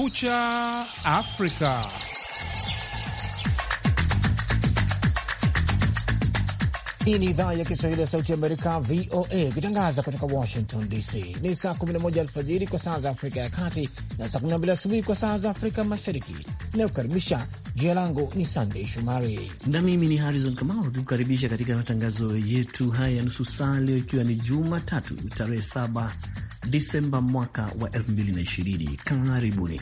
Kumekucha Afrika. Hii ni idhaa ya Kiswahili ya Sauti ya Amerika, VOA, ikitangaza kutoka Washington DC. Ni saa 11 alfajiri kwa saa za Afrika ya Kati na saa 12 asubuhi kwa saa za Afrika Mashariki inayokukaribisha. Jina langu ni Sandey Shomari na mimi ni Harizon Kamau, tukikukaribisha katika matangazo yetu haya ya nusu saa, leo ikiwa ni Jumatatu tarehe 7 Disemba mwaka wa 2020. Karibuni.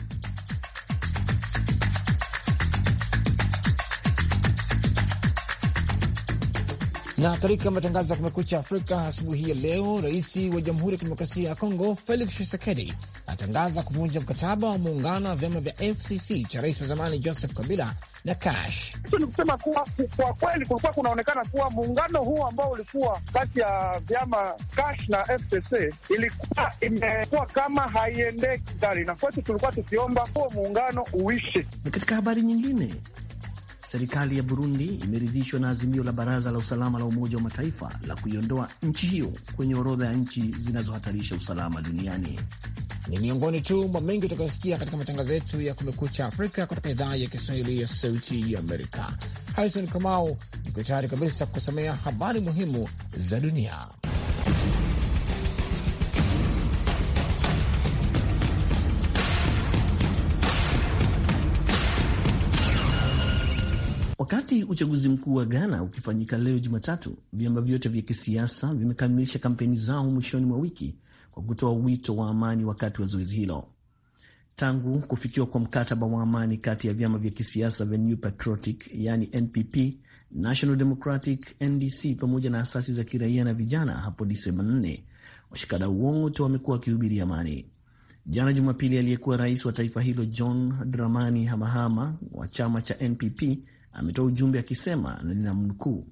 Na katika matangazo ya Kumekucha Afrika asubuhi ya leo, rais wa Jamhuri ya Kidemokrasia ya Kongo Felix Tshisekedi atangaza kuvunja mkataba wa muungano wa vyama vya FCC cha rais wa zamani Joseph Kabila na Kash. Ni kusema kuwa kwa kweli kulikuwa kunaonekana kuwa muungano huu ambao ulikuwa kati ya vyama Kash na FCC ilikuwa imekuwa kama haiendeki gari, na kwetu tulikuwa tukiomba huo muungano uishe. Na katika habari nyingine Serikali ya Burundi imeridhishwa na azimio la Baraza la Usalama la Umoja wa Mataifa la kuiondoa nchi hiyo kwenye orodha ya nchi zinazohatarisha usalama duniani. Ni miongoni tu mwa mengi utakayosikia katika matangazo yetu ya Kumekucha Afrika kutoka idhaa ya Kiswahili ya Sauti ya Amerika. Harison Kamau niko tayari kabisa kusomea habari muhimu za dunia. Wakati uchaguzi mkuu wa Ghana ukifanyika leo Jumatatu, vyama vyote vya kisiasa vimekamilisha kampeni zao mwishoni mwa wiki kwa kutoa wito wa amani wakati wa zoezi hilo. Tangu kufikiwa kwa mkataba wa amani kati ya vyama vya kisiasa vya New Patriotic yani NPP, National Democratic NDC, pamoja na asasi za kiraia na vijana hapo Disemba 4, washikadau wote wamekuwa wakihubiri amani. Jana Jumapili, aliyekuwa rais wa taifa hilo John Dramani Hamahama wa chama cha NPP ametoa ujumbe akisema, na ninamnukuu,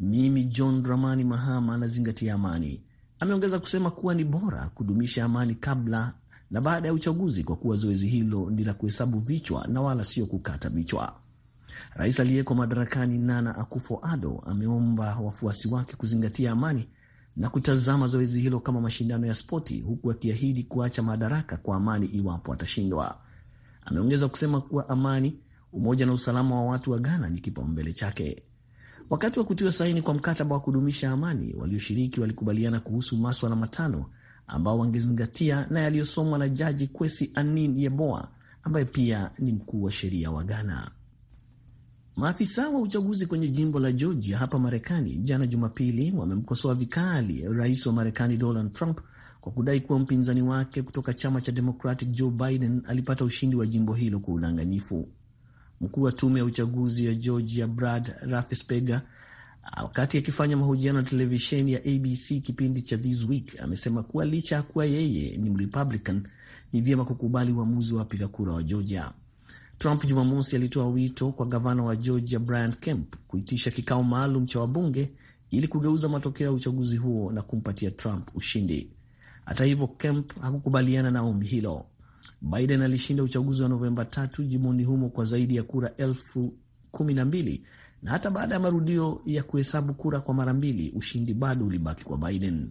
mimi John Dramani Mahama anazingatia amani. Ameongeza kusema kuwa ni bora kudumisha amani kabla na baada ya uchaguzi kwa kuwa zoezi hilo ni la kuhesabu vichwa na wala sio kukata vichwa. Rais aliyeko madarakani Nana Akufo-Addo ameomba wafuasi wake kuzingatia amani na kutazama zoezi hilo kama mashindano ya spoti, huku akiahidi kuacha madaraka kwa amani iwapo atashindwa. Ameongeza kusema kuwa amani Umoja na usalama wa watu wa Ghana ni kipaumbele chake. Wakati wa kutiwa saini kwa mkataba wa kudumisha amani, walioshiriki walikubaliana kuhusu maswala matano ambao wangezingatia na yaliyosomwa na Jaji Kwesi Anin Yeboa ambaye pia ni mkuu wa sheria wa Ghana. Maafisa wa uchaguzi kwenye jimbo la Georgia hapa Marekani jana Jumapili wamemkosoa vikali rais wa Marekani Donald Trump kwa kudai kuwa mpinzani wake kutoka chama cha Democratic Joe Biden alipata ushindi wa jimbo hilo kwa udanganyifu. Mkuu wa tume ya uchaguzi ya Georgia Brad Raffensperger wakati akifanya mahojiano na televisheni ya ABC kipindi cha This Week amesema kuwa licha ya kuwa yeye ni Mrepublican, ni vyema kukubali uamuzi wa wapiga kura wa Georgia. Trump Jumamosi alitoa wito kwa gavana wa Georgia Brian Kemp kuitisha kikao maalum cha wabunge ili kugeuza matokeo ya uchaguzi huo na kumpatia Trump ushindi. Hata hivyo, Kemp hakukubaliana na ombi hilo. Biden alishinda uchaguzi wa Novemba tatu jimboni humo kwa zaidi ya kura elfu kumi na mbili na hata baada ya marudio ya kuhesabu kura kwa mara mbili, ushindi bado ulibaki kwa Biden.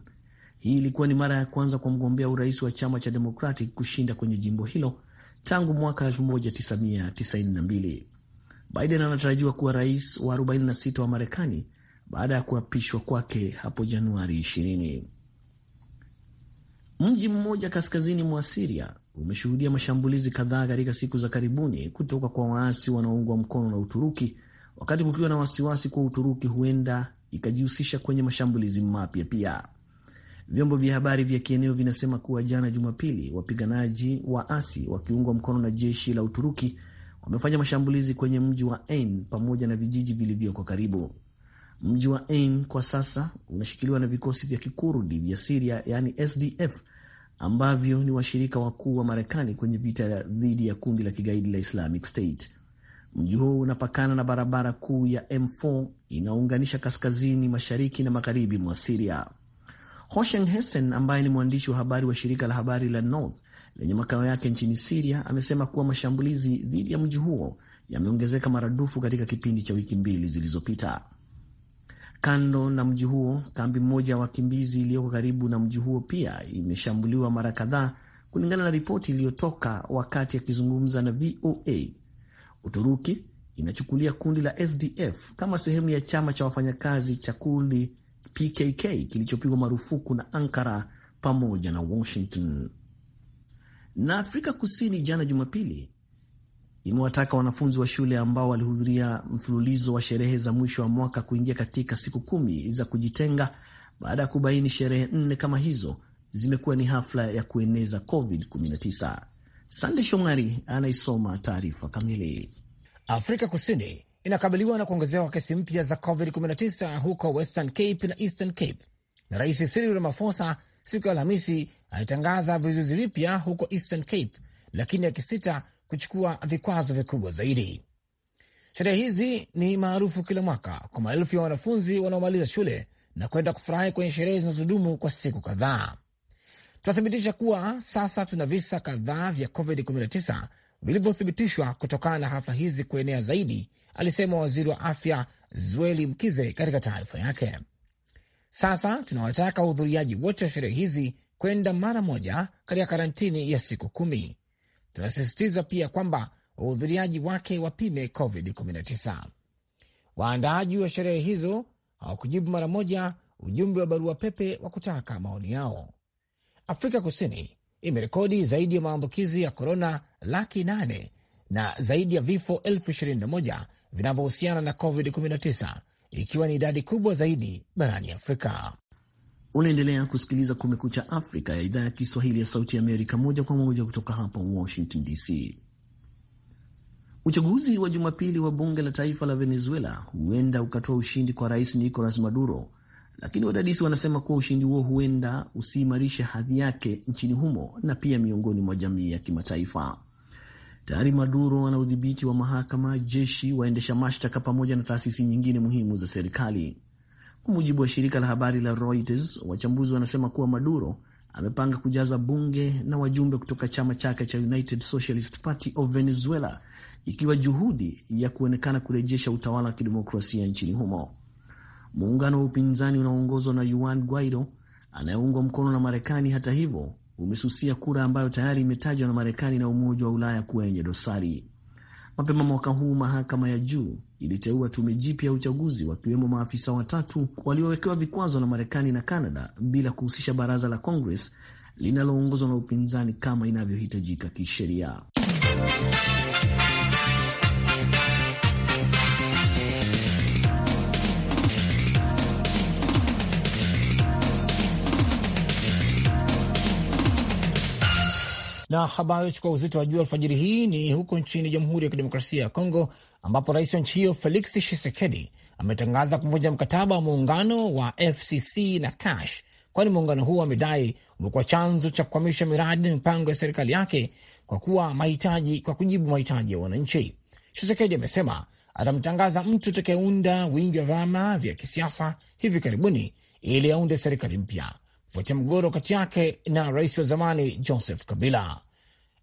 Hii ilikuwa ni mara ya kwanza kwa mgombea urais wa chama cha Democratic kushinda kwenye jimbo hilo tangu mwaka 1992. Biden anatarajiwa kuwa rais wa 46 wa Marekani baada ya kuapishwa kwake hapo Januari 20. Mji mmoja kaskazini mwa Siria umeshuhudia mashambulizi kadhaa katika siku za karibuni kutoka kwa waasi wanaoungwa mkono na Uturuki, wakati kukiwa na wasiwasi kuwa Uturuki huenda ikajihusisha kwenye mashambulizi mapya pia. Vyombo vya habari vya kieneo vinasema kuwa jana Jumapili, wapiganaji waasi wakiungwa mkono na jeshi la Uturuki wamefanya mashambulizi kwenye mji wa Ain pamoja na vijiji vilivyoko karibu. Mji wa Ain kwa sasa unashikiliwa na vikosi vya kikurdi vya Siria, yani SDF ambavyo ni washirika wakuu wa Marekani kwenye vita dhidi ya kundi la kigaidi la Islamic State. Mji huo unapakana na barabara kuu ya M4 inaounganisha kaskazini mashariki na magharibi mwa Siria. Hoshen Hessen ambaye ni mwandishi wa habari wa shirika la habari la North lenye makao yake nchini Siria amesema kuwa mashambulizi dhidi ya mji huo yameongezeka maradufu katika kipindi cha wiki mbili zilizopita. Kando na mji huo, kambi moja ya wakimbizi iliyoko karibu na mji huo pia imeshambuliwa mara kadhaa, kulingana na ripoti iliyotoka wakati akizungumza na VOA. Uturuki inachukulia kundi la SDF kama sehemu ya chama cha wafanyakazi cha kundi PKK kilichopigwa marufuku na Ankara pamoja na Washington. Na Afrika Kusini jana Jumapili imewataka wanafunzi wa shule ambao walihudhuria mfululizo wa sherehe za mwisho wa mwaka kuingia katika siku kumi za kujitenga baada ya kubaini sherehe nne kama hizo zimekuwa ni hafla ya kueneza COVID-19. Sande Shomari anaisoma taarifa kamili. Afrika Kusini inakabiliwa na kuongezewa kwa kesi mpya za COVID-19 huko Western Cape na Eastern Cape, na Rais Cyril Ramaphosa siku ya Alhamisi alitangaza vizuizi vipya huko Eastern Cape, lakini akisita kuchukua vikwazo vikubwa zaidi. Sherehe hizi ni maarufu kila mwaka kwa maelfu ya wanafunzi wanaomaliza shule na kwenda kufurahi kwenye sherehe zinazodumu kwa siku kadhaa. Tunathibitisha kuwa sasa tuna visa kadhaa vya COVID-19 vilivyothibitishwa kutokana na hafla hizi kuenea zaidi, alisema waziri wa afya Zweli Mkize katika taarifa yake. Sasa tunawataka wahudhuriaji wote wa sherehe hizi kwenda mara moja katika karantini ya siku kumi tunasisitiza pia kwamba wahudhuriaji wake wapime COVID-19. Waandaaji wa sherehe hizo hawakujibu mara moja ujumbe wa barua pepe wa kutaka maoni yao. Afrika Kusini imerekodi zaidi ya maambukizi ya korona laki nane na zaidi ya vifo elfu ishirini na moja vinavyohusiana na COVID-19, ikiwa ni idadi kubwa zaidi barani Afrika. Unaendelea kusikiliza Kumekucha Afrika ya idhaa ya Kiswahili ya Sauti Amerika, moja kwa moja kutoka hapa Washington DC. Uchaguzi wa Jumapili wa bunge la taifa la Venezuela huenda ukatoa ushindi kwa rais Nicolas Maduro, lakini wadadisi wanasema kuwa ushindi huo huenda usiimarishe hadhi yake nchini humo na pia miongoni mwa jamii ya kimataifa. Tayari Maduro ana udhibiti wa mahakama, jeshi, waendesha mashtaka pamoja na taasisi nyingine muhimu za serikali. Kwa mujibu wa shirika la habari la Reuters, wachambuzi wanasema kuwa Maduro amepanga kujaza bunge na wajumbe kutoka chama chake cha United Socialist Party of Venezuela, ikiwa juhudi ya kuonekana kurejesha utawala wa kidemokrasia nchini humo. Muungano wa upinzani unaoongozwa na Juan Guaido anayeungwa mkono na Marekani, hata hivyo, umesusia kura ambayo tayari imetajwa na Marekani na Umoja wa Ulaya kuwa yenye dosari. Mapema mwaka huu mahakama ya juu iliteua tume jipya ya uchaguzi wakiwemo maafisa watatu waliowekewa vikwazo na Marekani na canada bila kuhusisha baraza la Congress linaloongozwa na upinzani kama inavyohitajika kisheria. Na habari chukua uzito wa juu alfajiri hii ni huko nchini Jamhuri ya Kidemokrasia ya Kongo ambapo rais wa nchi hiyo Felix Tshisekedi ametangaza kuvunja mkataba wa muungano wa FCC na Cash, kwani muungano huo amedai umekuwa chanzo cha kukwamisha miradi na mipango ya serikali yake kwa kuwa mahitaji kwa kujibu mahitaji ya wananchi. Tshisekedi amesema atamtangaza mtu atakayeunda wingi wa vyama vya kisiasa hivi karibuni ili aunde serikali mpya kufuatia mgogoro kati yake na rais wa zamani Joseph Kabila.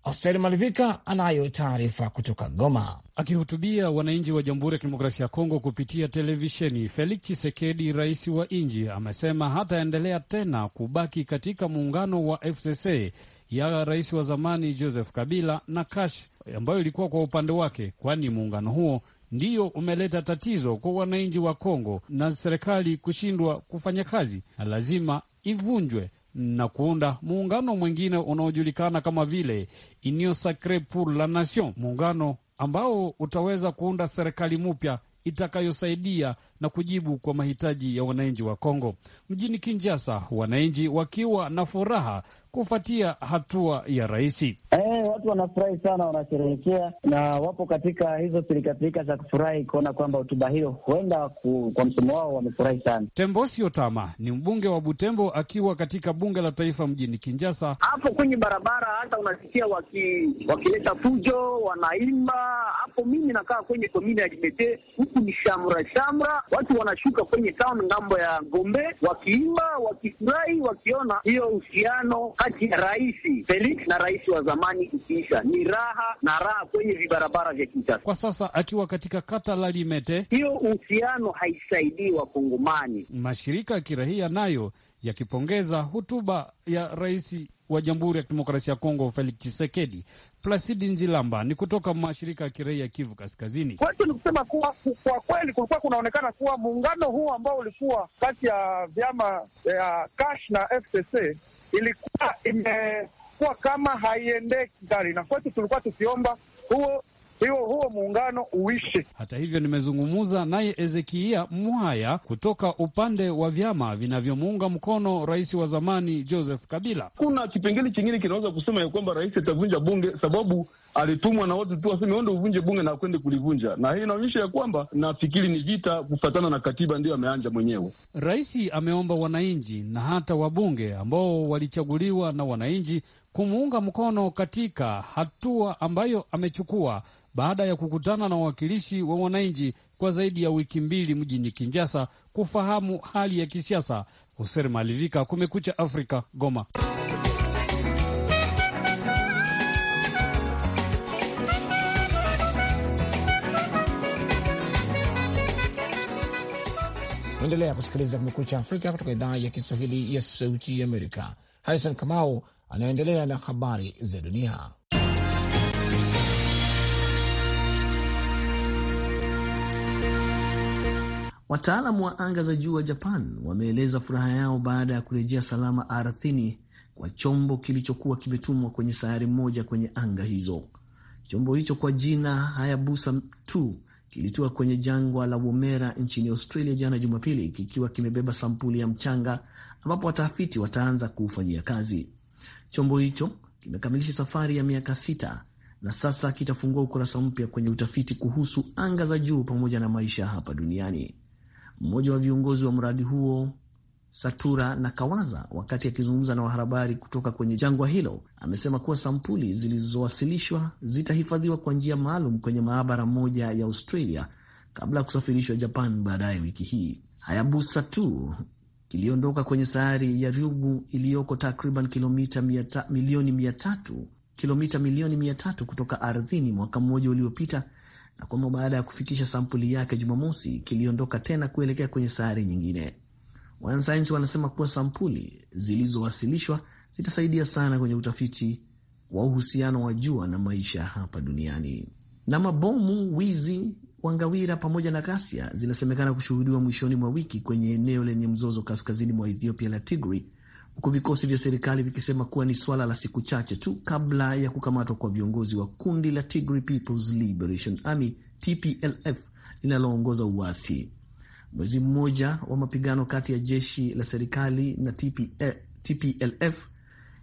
Austeri Malivika anayo taarifa kutoka Goma. Akihutubia wananchi wa Jamhuri ya Kidemokrasia ya Kongo kupitia televisheni, Felix Chisekedi, rais wa nchi, amesema hataendelea tena kubaki katika muungano wa FCC ya rais wa zamani Joseph Kabila na Kash ambayo ilikuwa kwa upande wake, kwani muungano huo ndiyo umeleta tatizo kwa wananchi wa Kongo na serikali kushindwa kufanya kazi na lazima ivunjwe na kuunda muungano mwingine unaojulikana kama vile Union sacre pour la Nation, muungano ambao utaweza kuunda serikali mpya itakayosaidia na kujibu kwa mahitaji ya wananchi wa Kongo. Mjini Kinshasa, wananchi wakiwa na furaha kufuatia hatua ya raisi. Eh, watu wanafurahi sana, wanasherehekea na wapo katika hizo pirikapirika za kufurahi kuona kwamba hotuba hiyo huenda ku, kwa msomo wao wamefurahi sana. Tembosio Tama ni mbunge wa Butembo akiwa katika bunge la taifa mjini kinjasa Hapo kwenye barabara hata unasikia wakileta waki fujo, wanaimba hapo. Mimi nakaa kwenye komini ya Jimete, huku ni shamra shamra, watu wanashuka kwenye town ngambo ya Gombe wakiimba, wakifurahi, wakiona hiyo uhusiano kati ya rais Felix na rais wa zamani ikiisha, ni raha na raha kwenye vibarabara vya Kinshasa. Kwa sasa akiwa katika kata la Limete, hiyo uhusiano haisaidii Wakongomani. Mashirika ya kirahia nayo yakipongeza hotuba ya rais wa Jamhuri ya Kidemokrasia ya Kongo Felix Tshisekedi. Plasidi Nzilamba ni kutoka mashirika ya kiraia Kivu Kaskazini. Kwetu ni kusema kuwa kwa kweli kulikuwa kunaonekana kuwa muungano huu ambao ulikuwa kati ya vyama eh, ya Kash na FCC ilikuwa imekuwa kama haiendeki gari, na kwetu tulikuwa tukiomba huo hiyo huo muungano uishe. Hata hivyo, nimezungumza naye Ezekia Mwaya kutoka upande wa vyama vinavyomuunga mkono rais wa zamani Joseph Kabila. Kuna kipengele chingine kinaweza kusema ya kwamba rais atavunja bunge, sababu alitumwa na watu tu waseme onde uvunje bunge na akwende kulivunja, na hii inaonyesha ya kwamba nafikiri ni vita kufatana na katiba, ndiyo ameanja mwenyewe. Rais ameomba wananchi na hata wabunge ambao walichaguliwa na wananchi kumuunga mkono katika hatua ambayo amechukua baada ya kukutana na wawakilishi wa wananchi kwa zaidi ya wiki mbili mjini kinjasa kufahamu hali ya kisiasa. Hoser Malivika, Kumekucha Afrika, Goma. Endelea kusikiliza Kumekucha Afrika kutoka idhaa ya Kiswahili ya Sauti ya Amerika. Harison Kamau anaendelea na habari za dunia. wataalam wa anga za juu wa Japan wameeleza furaha yao baada ya kurejea salama ardhini kwa chombo kilichokuwa kimetumwa kwenye sayari moja kwenye anga hizo. Chombo hicho kwa jina Hayabusa 2 kilitua kwenye jangwa la Womera nchini Australia jana Jumapili, kikiwa kimebeba sampuli ya mchanga ambapo watafiti wataanza kuufanyia kazi. Chombo hicho kimekamilisha safari ya miaka sita na sasa kitafungua ukurasa mpya kwenye utafiti kuhusu anga za juu pamoja na maisha hapa duniani mmoja wa viongozi wa mradi huo Satura na kawaza wakati akizungumza na wahabari kutoka kwenye jangwa hilo, amesema kuwa sampuli zilizowasilishwa zitahifadhiwa kwa njia maalum kwenye maabara moja ya Australia kabla ya kusafirishwa Japan baadaye wiki hii. Hayabusa tu kiliondoka kwenye sayari ya Ryugu iliyoko takriban kilomita milioni mia tatu kilomita milioni mia tatu kutoka ardhini mwaka mmoja uliopita na kwamba baada ya kufikisha sampuli yake Jumamosi kiliondoka tena kuelekea kwenye sayari nyingine. Wanasayansi wanasema kuwa sampuli zilizowasilishwa zitasaidia sana kwenye utafiti wa uhusiano wa jua na maisha hapa duniani. Na mabomu, wizi, wangawira pamoja na ghasia zinasemekana kushuhudiwa mwishoni mwa wiki kwenye eneo lenye mzozo kaskazini mwa Ethiopia la Tigray huku vikosi vya serikali vikisema kuwa ni suala la siku chache tu kabla ya kukamatwa kwa viongozi wa kundi la Tigray People's Liberation Army TPLF linaloongoza uasi. Mwezi mmoja wa mapigano kati ya jeshi la serikali na TPLF e,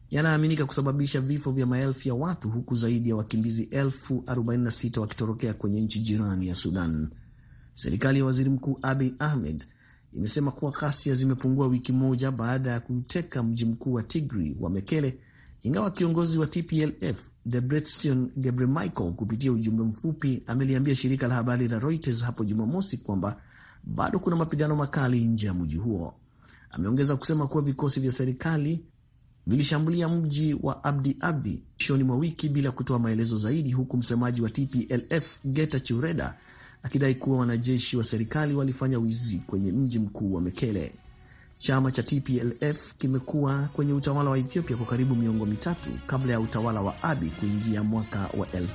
yanaaminika kusababisha vifo vya maelfu ya watu huku zaidi ya wakimbizi elfu 46 wakitorokea kwenye nchi jirani ya Sudan. Serikali ya waziri mkuu Abiy Ahmed imesema kuwa ghasia zimepungua wiki moja baada ya kuteka mji mkuu wa tigri wa Mekele, ingawa kiongozi wa TPLF Debretsion Gebremichael kupitia ujumbe mfupi ameliambia shirika la habari la Reuters hapo Jumamosi kwamba bado kuna mapigano makali nje ya mji huo. Ameongeza kusema kuwa vikosi vya serikali vilishambulia mji wa Abdi Abdi mwishoni mwa wiki bila kutoa maelezo zaidi, huku msemaji wa TPLF Geta Chureda akidai kuwa wanajeshi wa serikali walifanya wizi kwenye mji mkuu wa Mekele. Chama cha TPLF kimekuwa kwenye utawala wa Ethiopia kwa karibu miongo mitatu kabla ya utawala wa Abi kuingia mwaka wa 2018.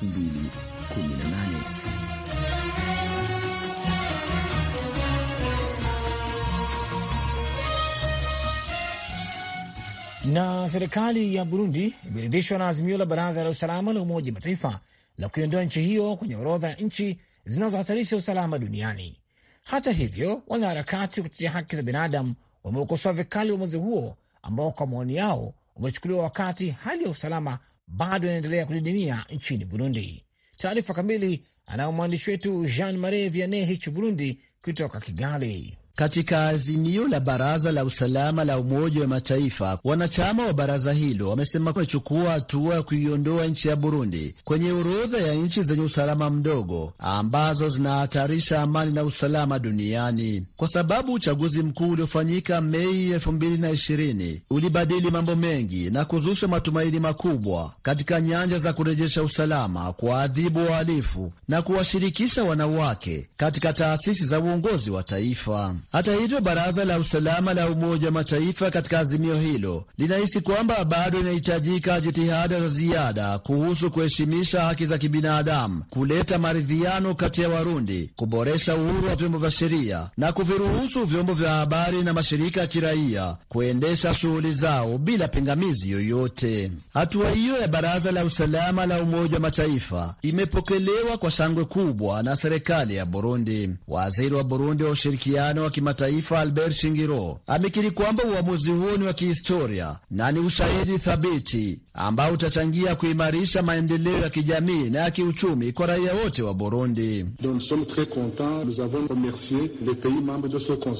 Na serikali ya Burundi imeridhishwa na azimio la Baraza la Usalama la Umoja Mataifa la kuiondoa nchi hiyo kwenye orodha ya nchi zinazohatarisha usalama duniani. Hata hivyo, wanaharakati wa kutetea haki za binadamu wameukosoa vikali uamuzi huo ambao kwa maoni yao umechukuliwa wakati hali ya usalama bado inaendelea kudidimia nchini Burundi. Taarifa kamili anayo mwandishi wetu Jean Marie Vianney Hichi Burundi kutoka Kigali. Katika azimio la Baraza la Usalama la Umoja wa Mataifa, wanachama wa baraza hilo wamesema wamechukua hatua ya kuiondoa nchi ya Burundi kwenye orodha ya nchi zenye usalama mdogo ambazo zinahatarisha amani na usalama duniani, kwa sababu uchaguzi mkuu uliofanyika Mei 2020 ulibadili mambo mengi na kuzusha matumaini makubwa katika nyanja za kurejesha usalama, kuwaadhibu wahalifu na kuwashirikisha wanawake katika taasisi za uongozi wa taifa. Hata hivyo, baraza la usalama la Umoja wa Mataifa katika azimio hilo linahisi kwamba bado inahitajika jitihada za ziada kuhusu kuheshimisha haki za kibinadamu, kuleta maridhiano kati ya Warundi, kuboresha uhuru wa vyombo vya sheria na kuviruhusu vyombo vya habari na mashirika ya kiraia kuendesha shughuli zao bila pingamizi yoyote. Hatua hiyo ya baraza la usalama la Umoja wa Mataifa imepokelewa kwa shangwe kubwa na serikali ya Burundi. Waziri wa Burundi wa ushirikiano kimataifa Albert Shingiro amekiri kwamba uamuzi huo ni wa kihistoria na ni ushahidi thabiti ambao utachangia kuimarisha maendeleo ya kijamii na ya kiuchumi kwa raia wote wa Burundi. Euh,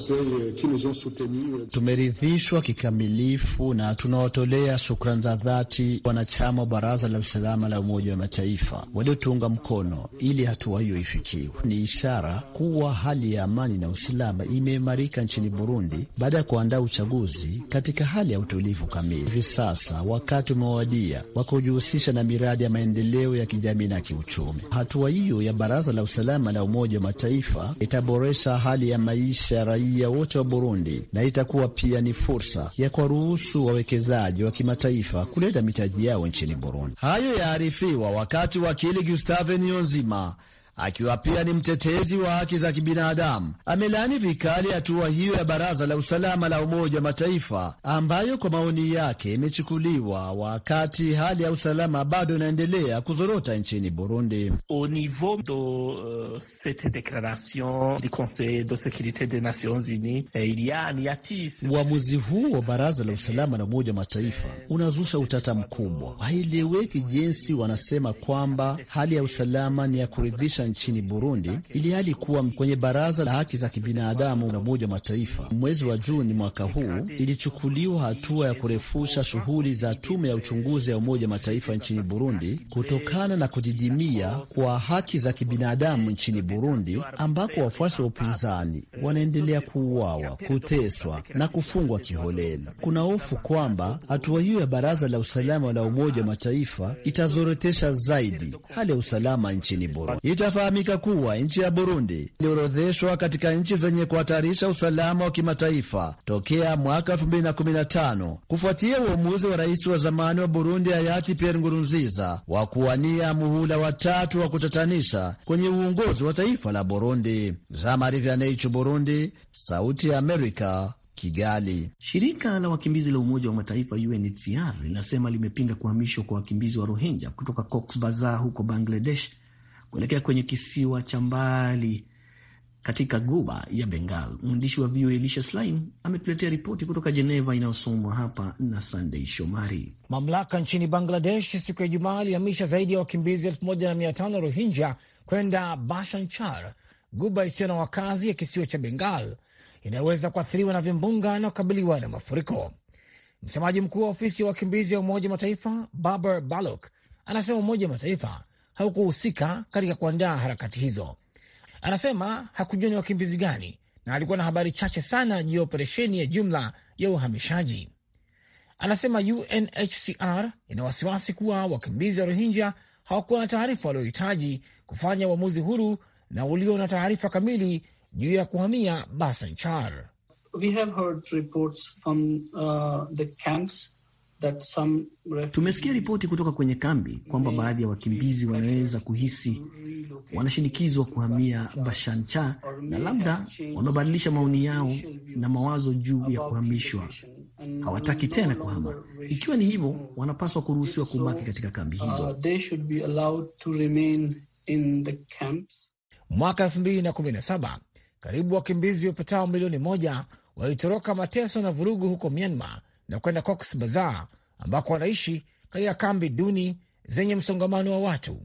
euh. Tumeridhishwa kikamilifu na tunawatolea shukrani za dhati wanachama wa Baraza la Usalama la Umoja wa Mataifa waliotuunga mkono ili hatua hiyo ifikiwe. Ni ishara kuwa hali ya amani na usalama imeimarika nchini Burundi baada ya kuandaa uchaguzi katika hali ya utulivu kamili. Hivi sasa wakati umewa teknolojia kwa kujihusisha na miradi ya maendeleo ya kijamii na kiuchumi. Hatua hiyo ya Baraza la Usalama la Umoja wa Mataifa itaboresha hali ya maisha ya raia wote wa Burundi na itakuwa pia ni fursa ya kuwaruhusu wawekezaji wa kimataifa kuleta mitaji yao nchini Burundi. Hayo yaarifiwa wakati wakili Gustave Niyonzima akiwa pia ni mtetezi wa haki za kibinadamu amelaani vikali hatua hiyo ya Baraza la Usalama la Umoja wa Mataifa ambayo kwa maoni yake imechukuliwa wakati hali ya usalama bado inaendelea kuzorota nchini Burundi. Au niveau de euh, cette declaration du Conseil de securite des Nations Unies euh, il y a hiatus. Uamuzi huu wa Baraza la Usalama la Umoja wa Mataifa unazusha utata mkubwa. Haieleweki jinsi wanasema kwamba hali ya usalama ni ya kuridhisha kuimarisha nchini Burundi hali kuwa kwenye Baraza la Haki za Kibinadamu la Umoja wa Mataifa mwezi wa Juni mwaka huu ilichukuliwa hatua ya kurefusha shughuli za tume ya uchunguzi ya Umoja wa Mataifa nchini Burundi kutokana na kudidimia kwa haki za kibinadamu nchini Burundi, ambako wafuasi wa upinzani wanaendelea kuuawa, kuteswa na kufungwa kiholela. Kuna hofu kwamba hatua hiyo ya Baraza la Usalama la Umoja wa Mataifa itazorotesha zaidi hali ya usalama nchini Burundi inafahamika kuwa nchi ya Burundi iliorodheshwa katika nchi zenye kuhatarisha usalama wa kimataifa tokea mwaka 2015 kufuatia uamuzi wa rais wa zamani wa Burundi hayati Pierre Nkurunziza wa kuwania muhula watatu wa kutatanisha kwenye uongozi wa taifa la Burundi. Burundi, Sauti ya Amerika, Kigali. Shirika la wakimbizi la Umoja wa Mataifa UNHCR linasema limepinga kuhamishwa kwa wakimbizi wa Rohingya kutoka Cox Bazar huko Bangladesh kuelekea kwenye kisiwa cha mbali katika guba ya Bengal. Mwandishi wa VOA Elisha Slim ametuletea ripoti kutoka Jeneva inayosomwa hapa na Sandei Shomari. Mamlaka nchini Bangladesh siku ya Ijumaa alihamisha zaidi ya wakimbizi tano Rohingya kwenda Bashanchar, guba isiyo na wakazi ya kisiwa cha Bengal inayoweza kuathiriwa na vimbunga na kukabiliwa na mafuriko. Msemaji mkuu wa ofisi ya wakimbizi ya Umoja Mataifa Babar Balok anasema Umoja Mataifa haukuhusika katika kuandaa harakati hizo. Anasema hakujua ni wakimbizi gani na alikuwa na habari chache sana juu ya operesheni ya jumla ya uhamishaji. Anasema UNHCR ina wasiwasi kuwa wakimbizi wa Rohingya hawakuwa na taarifa waliohitaji kufanya uamuzi huru na ulio na taarifa kamili juu ya kuhamia Basanchar. We have heard reports from, uh, the camps Tumesikia ripoti kutoka kwenye kambi kwamba baadhi ya wakimbizi wanaweza kuhisi wanashinikizwa kuhamia Bashancha na labda wamebadilisha maoni yao na mawazo juu ya kuhamishwa, hawataki tena kuhama. Ikiwa ni hivyo, wanapaswa kuruhusiwa kubaki katika kambi uh, hizo. Mwaka 2017 karibu wakimbizi wapatao milioni moja walitoroka mateso na vurugu huko Myanmar na kwenda Cox Bazar ambako wanaishi katika kambi duni zenye msongamano wa watu.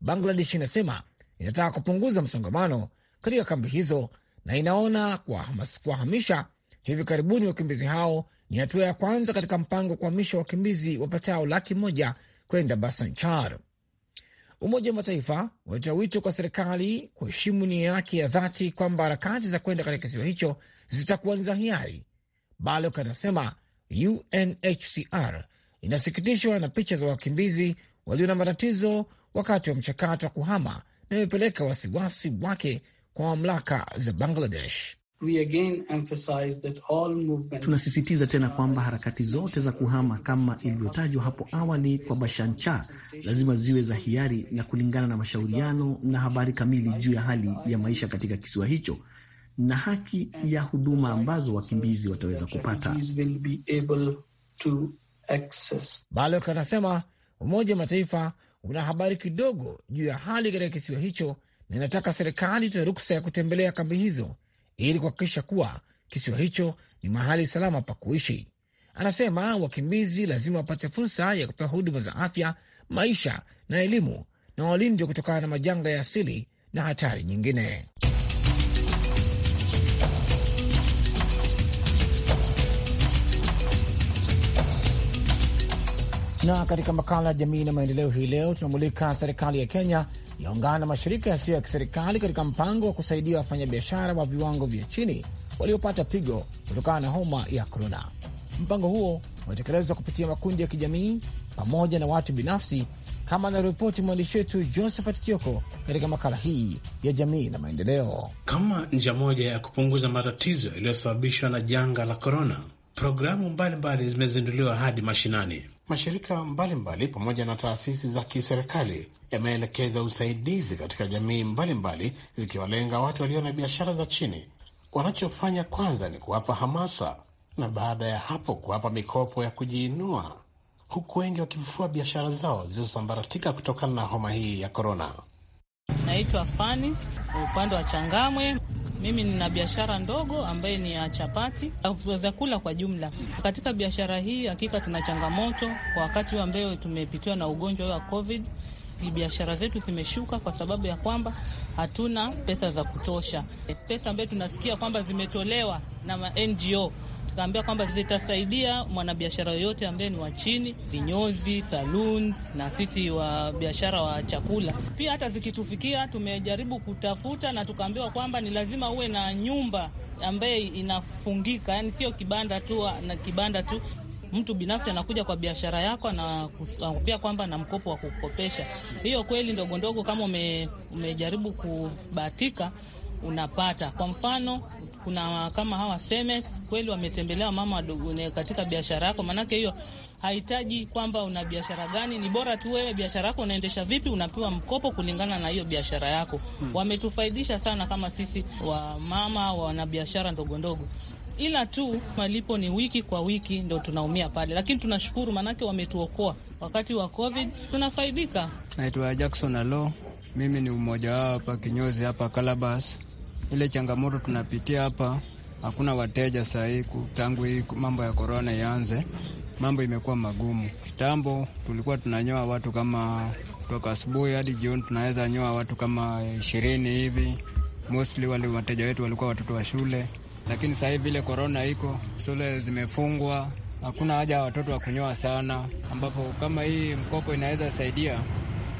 Bangladesh inasema inataka kupunguza msongamano katika kambi hizo na inaona kuwahamisha hivi karibuni wakimbizi hao ni hatua ya kwanza katika mpango wa kuhamisha wakimbizi wapatao laki moja kwenda Basanchar. Umoja wa Mataifa unatoa wito kwa serikali kuheshimu nia yake ya dhati kwamba harakati za kwenda katika kisiwa hicho zitakuwa ni za hiari. Balok anasema UNHCR inasikitishwa na picha za wakimbizi walio na matatizo wakati wa mchakato wa kuhama na imepeleka wasiwasi wake kwa mamlaka za Bangladesh. Tunasisitiza tena kwamba harakati zote za kuhama kama ilivyotajwa hapo awali kwa Bashancha lazima ziwe za hiari na kulingana na mashauriano na habari kamili juu ya hali ya maisha katika kisiwa hicho na haki ya huduma ambazo wakimbizi wataweza kupata. Balok anasema Umoja wa Mataifa una habari kidogo juu ya hali katika kisiwa hicho na inataka serikali itoe ruksa ya kutembelea kambi hizo ili kuhakikisha kuwa kisiwa hicho ni mahali salama pa kuishi. Anasema wakimbizi lazima wapate fursa ya kupewa huduma za afya, maisha na elimu, na walindwe kutokana na majanga ya asili na hatari nyingine. Na katika makala ya jamii na maendeleo hii leo tunamulika serikali ya Kenya yaungana na mashirika yasiyo ya kiserikali katika mpango wa kusaidia wafanyabiashara wa viwango vya chini waliopata pigo kutokana na homa ya korona. Mpango huo unatekelezwa kupitia makundi ya kijamii pamoja na watu binafsi, kama anaripoti mwandishi wetu Josephat Kioko katika makala hii ya jamii na maendeleo. Kama njia moja ya kupunguza matatizo yaliyosababishwa na janga la korona, programu mbalimbali zimezinduliwa hadi mashinani. Mashirika mbalimbali pamoja na taasisi za kiserikali yameelekeza usaidizi katika jamii mbalimbali, zikiwalenga watu walio na biashara za chini. Wanachofanya kwanza ni kuwapa hamasa na baada ya hapo kuwapa mikopo ya kujiinua, huku wengi wakifufua biashara zao zilizosambaratika kutokana na homa hii ya korona. Naitwa Fanis, upande wa Changamwe. Mimi nina biashara ndogo ambaye ni ya chapati vyakula kwa jumla. Katika biashara hii hakika tuna changamoto kwa wakati ambayo tumepitiwa na ugonjwa wa COVID. Biashara zetu zimeshuka kwa sababu ya kwamba hatuna pesa za kutosha. Pesa ambayo tunasikia kwamba zimetolewa na NGO tukaambia kwamba zitasaidia mwanabiashara yoyote ambaye ni wa chini, vinyozi, saloons na sisi wa biashara wa chakula pia. Hata zikitufikia tumejaribu kutafuta na tukaambiwa kwamba ni lazima uwe na nyumba ambaye inafungika, yani sio kibanda tu na kibanda tu mtu binafsi anakuja kwa biashara yako, anakupia kwamba na mkopo wa kukopesha. Hiyo kweli ndogo ndogo, kama ume, umejaribu kubahatika unapata. Kwa mfano kuna kama hawa Femex kweli wametembelea mama wadogo katika biashara yako, maanake hiyo hahitaji kwamba una biashara gani, ni bora tu wewe biashara yako unaendesha vipi, unapewa mkopo kulingana na hiyo biashara yako hmm. Wametufaidisha sana kama sisi wa mama wamama wanabiashara ndogo ndogo ila tu malipo ni wiki kwa wiki, ndo tunaumia pale, lakini tunashukuru, maanake wametuokoa wakati wa Covid, tunafaidika. Naitwa Jackson Alo, mimi ni mmoja wao hapa kinyozi hapa Kalabas ile changamoto tunapitia hapa, hakuna wateja sahii. Tangu hii mambo ya korona ianze, mambo imekuwa magumu. Kitambo tulikuwa tunanyoa watu kama kutoka asubuhi hadi jioni, tunaweza nyoa watu kama ishirini hivi. Mostly wale wateja wetu walikuwa watoto wa shule, lakini sahii vile korona iko, shule zimefungwa, hakuna haja ya watoto wa kunyoa sana, ambapo kama hii mkopo inaweza saidia,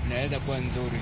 inaweza kuwa nzuri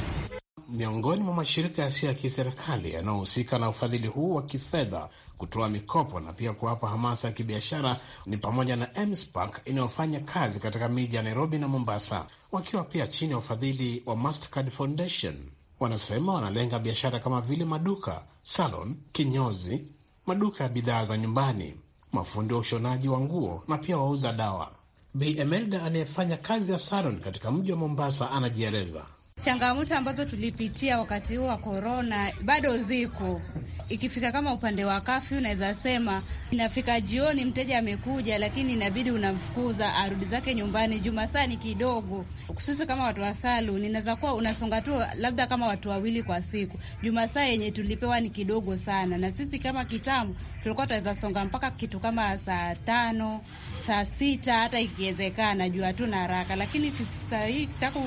miongoni mwa mashirika yasiyo ya kiserikali yanayohusika na ufadhili huu wa kifedha kutoa mikopo na pia kuwapa hamasa ya kibiashara ni pamoja na Mspark inayofanya kazi katika miji ya Nairobi na Mombasa, wakiwa pia chini ya ufadhili wa Mastercard Foundation. Wanasema wanalenga biashara kama vile maduka, salon, kinyozi, maduka ya bidhaa za nyumbani, mafundi wa ushonaji wa nguo na pia wauza dawa. Bi Emelda anayefanya kazi ya salon katika mji wa Mombasa anajieleza. Changamoto ambazo tulipitia wakati huu wa korona bado ziko. Ikifika kama upande wa kafi, unaweza sema inafika jioni, mteja amekuja, lakini inabidi unamfukuza arudi zake nyumbani juma saa ni kidogo. Sisi kama watu wa salu, ninaweza kuwa unasonga tu labda kama watu wawili kwa siku, juma saa yenye tulipewa ni kidogo sana. Na sisi kama kitamu tulikuwa tunaweza songa mpaka kitu kama saa tano, saa sita, hata ikiwezekana, jua tu na haraka. Lakini sahii taku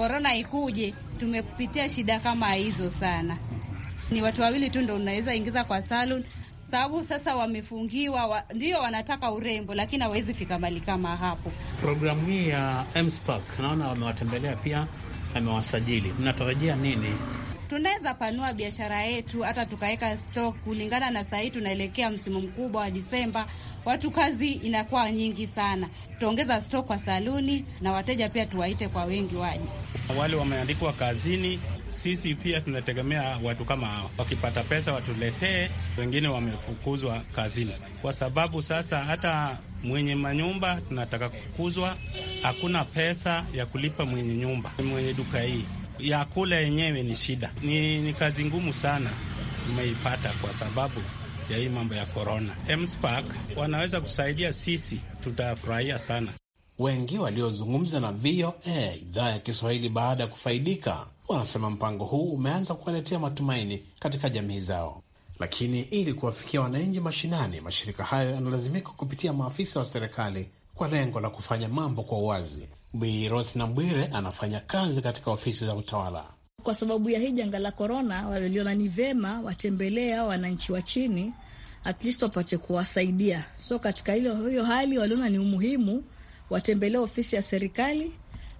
korona ikuje, tumepitia shida kama hizo sana. Ni watu wawili tu ndo unaweza ingiza kwa salon, sababu sasa wamefungiwa wa, ndio wanataka urembo lakini hawawezi fika mali kama hapo. Programu hii ya Mspark naona wamewatembelea pia, amewasajili mnatarajia nini? tunaweza panua biashara yetu, hata tukaweka stock kulingana na sahii, tunaelekea msimu mkubwa wa Disemba, watu kazi inakuwa nyingi sana. tuongeza stock kwa saluni na wateja pia tuwaite kwa wengi waje. Wale wameandikwa kazini sisi pia tunategemea watu kama hawa, wakipata pesa watuletee. Wengine wamefukuzwa kazini kwa sababu sasa, hata mwenye manyumba tunataka kufukuzwa, hakuna pesa ya kulipa mwenye nyumba, mwenye duka hii ya kula yenyewe ni shida, ni, ni kazi ngumu sana tumeipata kwa sababu ya hii mambo ya korona. mspark wanaweza kusaidia sisi, tutafurahia sana. Wengi waliozungumza na VOA idhaa ya Kiswahili baada ya kufaidika wanasema mpango huu umeanza kuwaletea matumaini katika jamii zao, lakini ili kuwafikia wananchi mashinani, mashirika hayo yanalazimika kupitia maafisa wa serikali kwa lengo la kufanya mambo kwa uwazi. Bi Rosna Bwire anafanya kazi katika ofisi za utawala. Kwa sababu ya hii janga la korona, waliona ni vema watembelea wananchi wa chini, at least wapate kuwasaidia. So katika hiyo hiyo hali waliona ni umuhimu watembelee ofisi ya serikali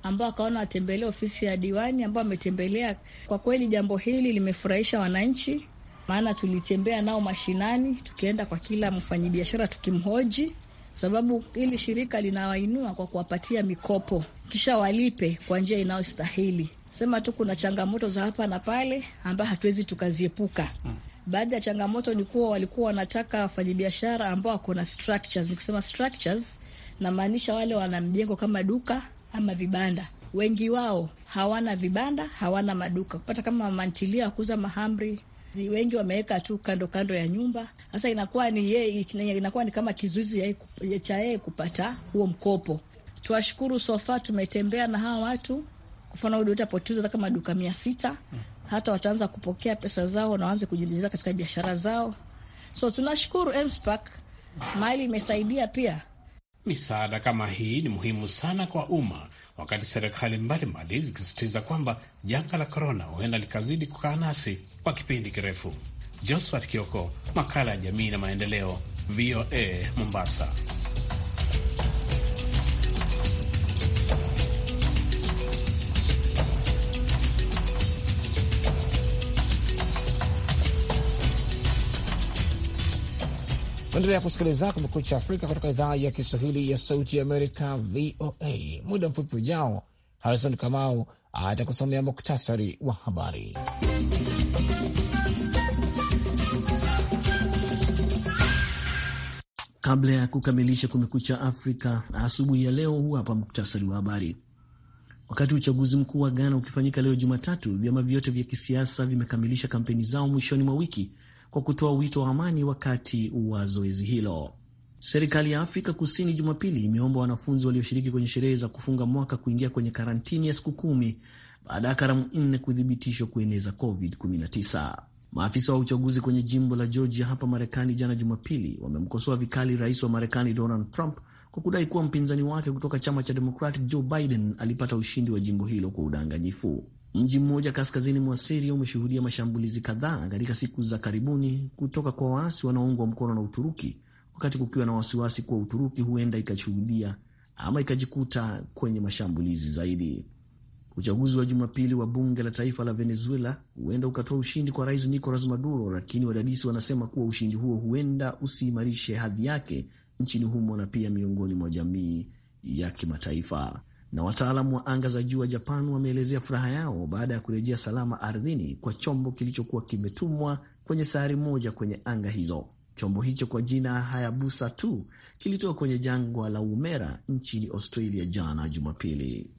ambao akaona watembelee ofisi ya diwani ambao wametembelea. Kwa kweli jambo hili limefurahisha wananchi, maana tulitembea nao mashinani, tukienda kwa kila mfanyibiashara tukimhoji sababu hili shirika linawainua kwa kuwapatia mikopo kisha walipe kwa njia inayostahili. Sema tu kuna changamoto za hapa na pale ambayo hatuwezi tukaziepuka. Hmm. Baadhi ya changamoto ni kuwa walikuwa wanataka wafanyabiashara ambao wako na structures. Nikisema structures, namaanisha wale wana mjengo kama duka ama vibanda. Wengi wao hawana vibanda, hawana maduka. Kupata kama mantilia kuuza mahamri, wengi wameweka tu kando kando ya nyumba. Sasa inakuwa ni ye, inakuwa ni kama kizuizi cha yeye kupata huo mkopo. Tuwashukuru sofa, tumetembea na hawa watu, kufana mfano utapoteza kama duka mia sita hata wataanza kupokea pesa zao na waanze kujiendeleza katika biashara zao. So tunashukuru Mspak mali imesaidia pia. Misaada kama hii ni muhimu sana kwa umma wakati serikali mbalimbali zikisisitiza kwamba janga la korona huenda likazidi kukaa nasi kwa kipindi kirefu. Josephat Kioko, makala ya jamii na maendeleo, VOA Mombasa. Endelea kusikiliza Kumekucha Afrika kutoka idhaa ya Kiswahili ya Sauti ya Amerika, VOA. Muda mfupi ujao, Harison Kamau atakusomea muktasari wa habari. Kabla ya kukamilisha Kumekucha Afrika asubuhi ya leo, huu hapa muktasari wa habari. Wakati uchaguzi mkuu wa Ghana ukifanyika leo Jumatatu, vyama vyote vya kisiasa vimekamilisha kampeni zao mwishoni mwa wiki kwa kutoa wito wa amani wakati wa zoezi hilo. Serikali ya Afrika Kusini Jumapili imeomba wanafunzi walioshiriki kwenye sherehe za kufunga mwaka kuingia kwenye karantini ya siku kumi baada ya karamu nne kuthibitishwa kueneza COVID-19. Maafisa wa uchaguzi kwenye jimbo la Georgia hapa Marekani jana Jumapili wamemkosoa vikali rais wa Marekani Donald Trump kwa kudai kuwa mpinzani wake kutoka chama cha Democratic Joe Biden alipata ushindi wa jimbo hilo kwa udanganyifu. Mji mmoja kaskazini mwa Siria umeshuhudia mashambulizi kadhaa katika siku za karibuni kutoka kwa waasi wanaoungwa mkono na Uturuki, wakati kukiwa na wasiwasi kuwa Uturuki huenda ikashuhudia ama ikajikuta kwenye mashambulizi zaidi. Uchaguzi wa Jumapili wa bunge la taifa la Venezuela huenda ukatoa ushindi kwa rais Nicolas Maduro, lakini wadadisi wanasema kuwa ushindi huo huenda usiimarishe hadhi yake nchini humo na pia miongoni mwa jamii ya kimataifa na wataalamu wa anga za juu wa Japan wameelezea furaha yao baada ya kurejea salama ardhini kwa chombo kilichokuwa kimetumwa kwenye sayari moja kwenye anga hizo. Chombo hicho kwa jina Hayabusa 2 kilitoka kwenye jangwa la Umera nchini Australia jana Jumapili.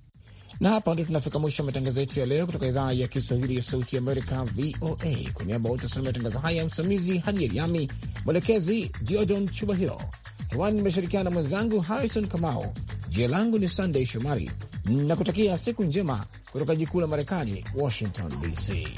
Na hapa ndio tunafika mwisho wa matangazo yetu ya leo kutoka idhaa ya Kiswahili ya Sauti Amerika, VOA. Kwa niaba wote wasimamia matangazo haya, msimamizi Hadi Yariami, mwelekezi Diodon Chubahiro. Hewani nimeshirikiana na mwenzangu Harrison Kamau. Jina langu ni sandey Shomari, nakutakia siku njema kutoka jikuu la Marekani, Washington DC.